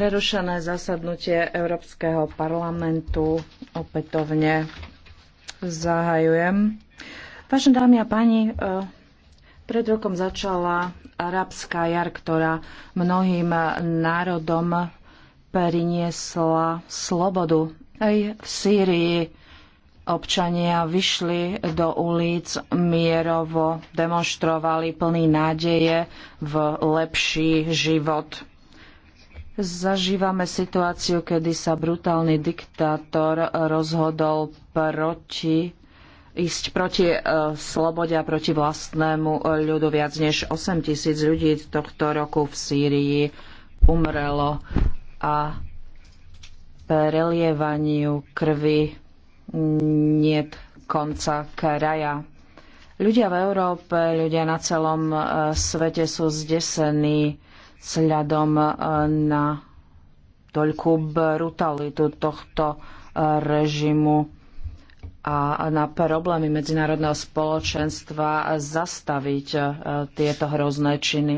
Prerušené zasadnutie Európskeho parlamentu opätovne zahajujem. Vážené dámy a páni, e, pred rokom začala arabská jar, ktorá mnohým národom priniesla slobodu. Aj v Sýrii občania vyšli do ulic mierovo, demonstrovali plný nádeje v lepší život. Zažívame situáciu, kedy sa brutálny diktátor rozhodol proti ísť proti e, slobode a proti vlastnému ľudu. Viac než 8 tisíc ľudí tohto roku v Sýrii umrelo a prelievaniu krvi nie konca kraja. Ľudia v Európe, ľudia na celom e, svete sú zdesení vzhľadom e, na toľkú brutalitu tohto e, režimu a na problémy medzinárodného spoločenstva zastaviť e, tieto hrozné činy.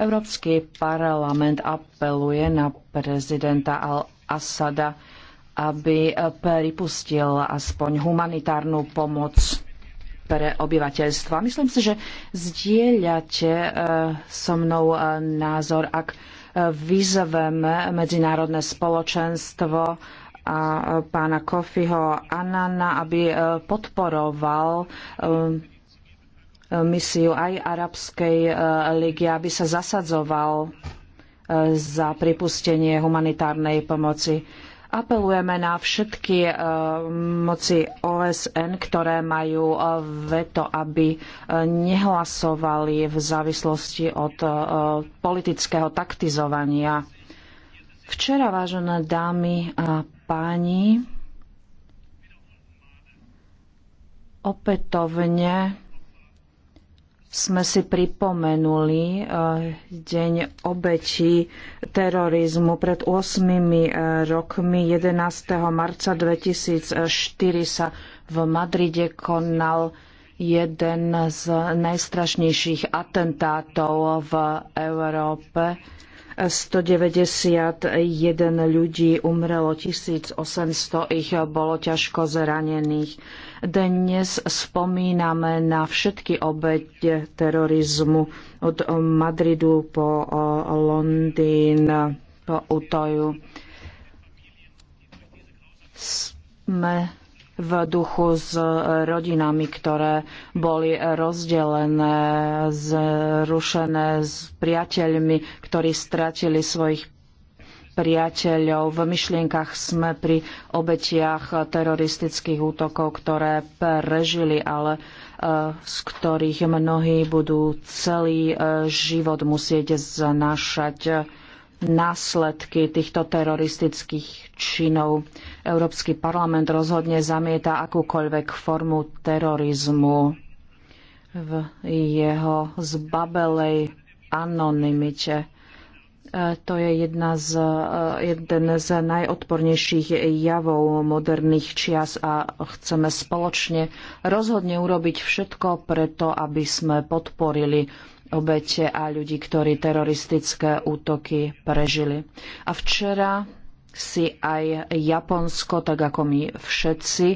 Európsky parlament apeluje na prezidenta Al-Asada, aby pripustil aspoň humanitárnu pomoc pre A Myslím si, že zdieľate e, so mnou e, názor, ak e, vyzveme medzinárodné spoločenstvo a pána Kofiho Anana, aby podporoval misiu aj Arabskej ligy, aby sa zasadzoval za pripustenie humanitárnej pomoci apelujeme na všetky eh, moci OSN, ktoré majú eh, veto, aby eh, nehlasovali v závislosti od politického taktizovania. Včera, vážené dámy a páni, opätovne sme si pripomenuli eh, deň obetí terorizmu. Pred 8 eh, rokmi 11. marca 2004 sa v Madride konal jeden z najstrašnejších atentátov v Európe 191 ľudí umrelo, 1800 ich bolo ťažko zranených. Dnes spomíname na všetky obete terorizmu od Madridu po Londýn, po Utoju. Sme v duchu s rodinami, ktoré boli rozdelené, zrušené s priateľmi, ktorí stratili svojich priateľov. V myšlienkach sme pri obetiach teroristických útokov, ktoré prežili, ale e, z ktorých mnohí budú celý e, život musieť znašať následky týchto teroristických činov. Európsky parlament rozhodne zamieta akúkoľvek formu terorizmu v jeho zbabelej anonymite. E, to je jedna z, e, jeden z najodpornejších javov moderných čias a chceme spoločne rozhodne urobiť všetko preto, aby sme podporili obete a ľudí, ktorí teroristické útoky prežili. A včera si aj Japonsko, tak ako my všetci,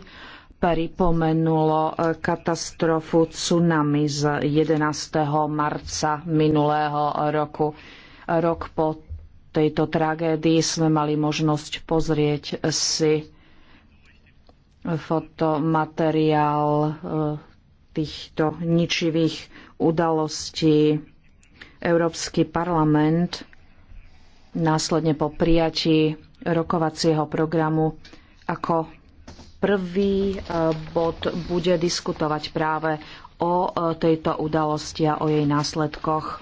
pripomenulo katastrofu tsunami z 11. marca minulého roku. Rok po tejto tragédii sme mali možnosť pozrieť si fotomateriál eh, týchto ničivých udalostí. Európsky parlament následne po prijatí rokovacieho programu ako prvý e, bod bude diskutovať práve o e, tejto udalosti a o jej následkoch.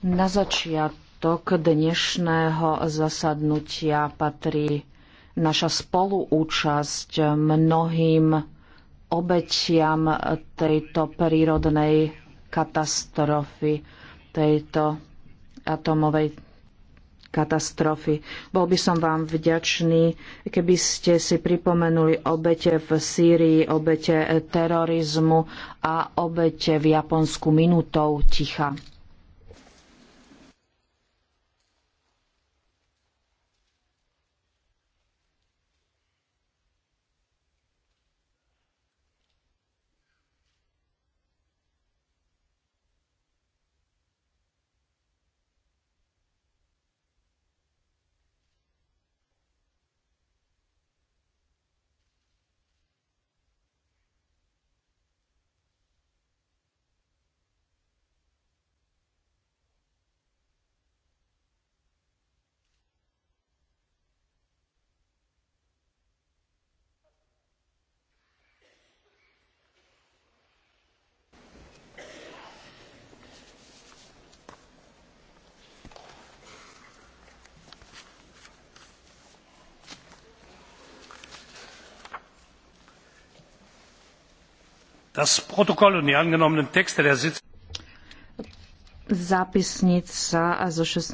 Na začiatok dnešného zasadnutia patrí naša spoluúčasť mnohým obetiam tejto prírodnej katastrofy, tejto atomovej katastrofy. Bol by som vám vďačný, keby ste si pripomenuli obete v Sýrii, obete terorizmu a obete v Japonsku minutou ticha. Das Protokoll und die angenommenen Texte der Sitzung. Zápisnica zo 16.